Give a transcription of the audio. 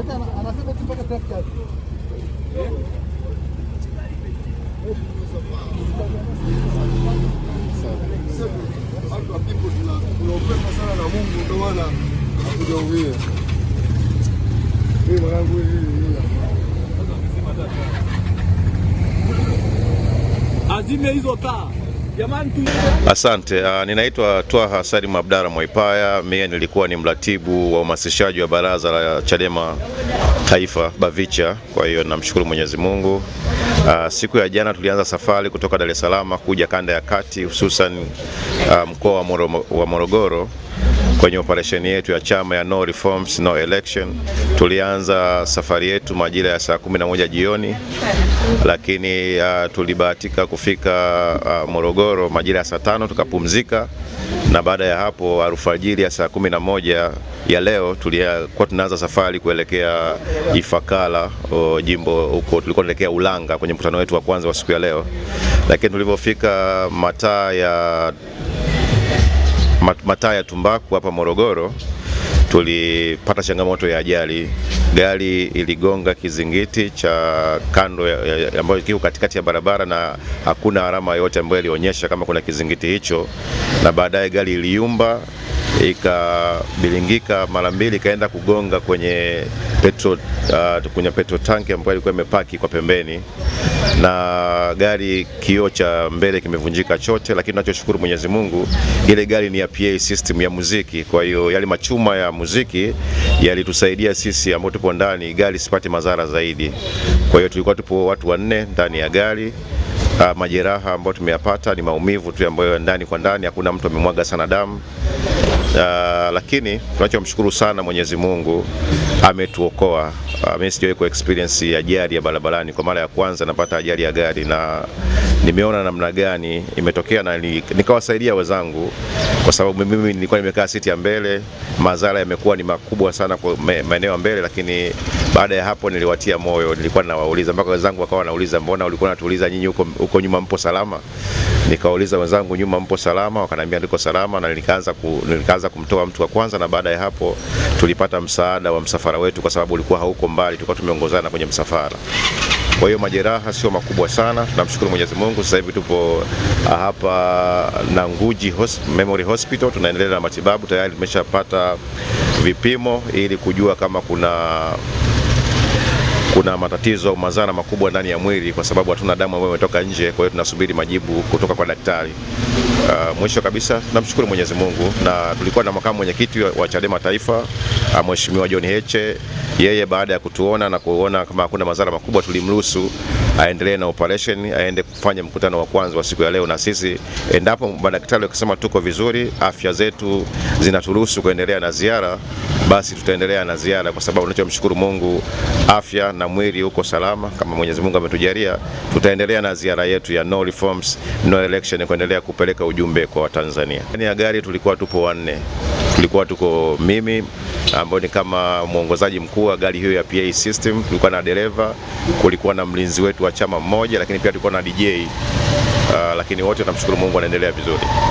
Ete anasema tu mpaka trafiki azime hizo taa. Asante. Uh, ninaitwa Twaha Salim Abdara Mwaipaya. Mimi nilikuwa ni mratibu wa uhamasishaji wa baraza la Chadema Taifa Bavicha, kwa hiyo namshukuru Mwenyezi Mungu. Uh, siku ya jana tulianza safari kutoka Dar es Salaam kuja kanda ya kati hususan uh, mkoa wa Morogoro kwenye operesheni yetu ya chama ya no reforms no election. Tulianza safari yetu majira ya saa 11 jioni, lakini uh, tulibahatika kufika uh, Morogoro majira ya saa tano tukapumzika na baada ya hapo alfajiri ya saa kumi na moja ya leo tulikuwa tunaanza safari kuelekea Ifakara o, jimbo huko tulikuwa tunaelekea Ulanga kwenye mkutano wetu wa kwanza wa siku ya leo, lakini tulivyofika mataa ya mataa ya Tumbaku hapa Morogoro tulipata changamoto ya ajali gari iligonga kizingiti cha kando ambayo kiko katikati ya barabara na hakuna alama yoyote ambayo ilionyesha kama kuna kizingiti hicho, na baadaye gari iliyumba ikabilingika mara mbili ikaenda kugonga kwenye petro, uh, kwenye petro tanki ambayo ilikuwa imepaki kwa pembeni na gari kioo cha mbele kimevunjika chote, lakini tunachoshukuru Mwenyezi Mungu, ile gari ni ya PA system ya muziki. Kwa hiyo yale machuma ya muziki yalitusaidia sisi ambao tupo ndani gari sipate madhara zaidi. Kwa hiyo tulikuwa tupo watu wanne ndani ya gari. Uh, majeraha ambayo tumeyapata ni maumivu tu ambayo ndani kwa ndani, hakuna mtu amemwaga sana damu Uh, lakini tunachomshukuru sana Mwenyezi Mungu ametuokoa. Uh, mimi sijawahi ku experience ajali ya barabarani, kwa mara ya kwanza napata ajali ya gari na nimeona namna gani imetokea na nikawasaidia wenzangu, kwa sababu mimi nilikuwa nimekaa siti ya mbele. Madhara yamekuwa ni makubwa sana kwa maeneo ya mbele, lakini baada ya hapo niliwatia moyo, nilikuwa nawauliza mpaka wenzangu wakawa wanauliza, mbona ulikuwa unatuuliza nyinyi huko huko nyuma, mpo salama? Nikauliza wenzangu nyuma, mpo salama? Wakaniambia niko salama, na nilikaanza ku, nilikaanza kumtoa mtu wa kwanza, na baada ya hapo tulipata msaada wa msafara wetu, kwa sababu ulikuwa hauko mbali, tulikuwa tumeongozana kwenye msafara. Kwa hiyo majeraha sio makubwa sana, tunamshukuru Mwenyezi Mungu. Sasa hivi tupo ah, hapa Nanguji Hos Memory Hospital, tunaendelea na matibabu. Tayari tumeshapata vipimo ili kujua kama kuna kuna matatizo au madhara makubwa ndani ya mwili, kwa sababu hatuna damu ambayo imetoka nje. Kwa hiyo tunasubiri majibu kutoka kwa daktari. Uh, mwisho kabisa tunamshukuru Mwenyezi Mungu, na tulikuwa na makamu mwenyekiti wa Chadema Taifa uh, Mheshimiwa John Heche. Yeye baada ya kutuona na kuona kama hakuna madhara makubwa, tulimruhusu aendelee na operation, aende kufanya mkutano wa kwanza wa siku ya leo na sisi. Endapo madaktari wakisema tuko vizuri, afya zetu zinaturuhusu kuendelea na ziara basi tutaendelea na ziara, kwa sababu tunachomshukuru Mungu, afya na mwili uko salama kama Mwenyezi Mungu ametujalia. Tutaendelea na ziara yetu ya no reforms, no election, kuendelea kupeleka ujumbe kwa Watanzania. Ndani ya gari tulikuwa tupo wanne, tulikuwa tuko mimi ambayo ni kama mwongozaji mkuu wa gari hiyo ya PA system, tulikuwa na dereva, kulikuwa na mlinzi wetu wa chama mmoja, lakini pia tulikuwa na DJ. Uh, lakini wote tunamshukuru Mungu anaendelea vizuri.